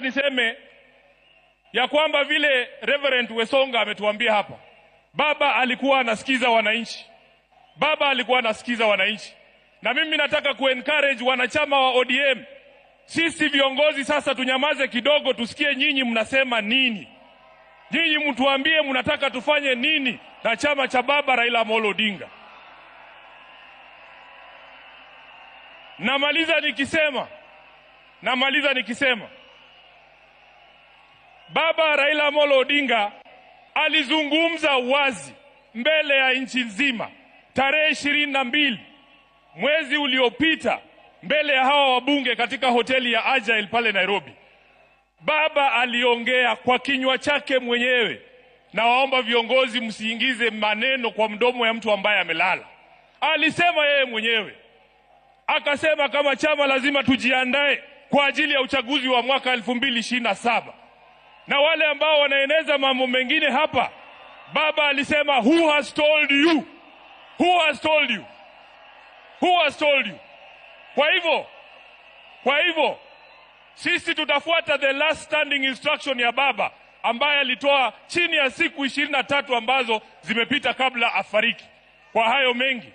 Niseme ya kwamba vile Reverend Wesonga ametuambia hapa, baba alikuwa anasikiza wananchi, baba alikuwa anasikiza wananchi. Na mimi nataka encourage wanachama wa ODM, sisi viongozi sasa tunyamaze kidogo, tusikie nyinyi mnasema nini, nyinyi mtuambie mnataka tufanye nini na chama cha baba Raila Amolo Odinga. Namaliza nikisema namaliza nikisema Baba Raila Amolo Odinga alizungumza wazi mbele ya nchi nzima tarehe ishirini na mbili mwezi uliopita mbele ya hawa wabunge katika hoteli ya Agile pale Nairobi. Baba aliongea kwa kinywa chake mwenyewe, na waomba viongozi msiingize maneno kwa mdomo ya mtu ambaye amelala. Alisema yeye mwenyewe, akasema kama chama lazima tujiandae kwa ajili ya uchaguzi wa mwaka elfu mbili ishirini na saba na wale ambao wanaeneza mambo mengine hapa. Baba alisema who has told you? Who has told you? Who has told you? Kwa hivyo, kwa hivyo sisi tutafuata the last standing instruction ya baba ambaye alitoa chini ya siku ishirini na tatu ambazo zimepita kabla afariki. Kwa hayo mengi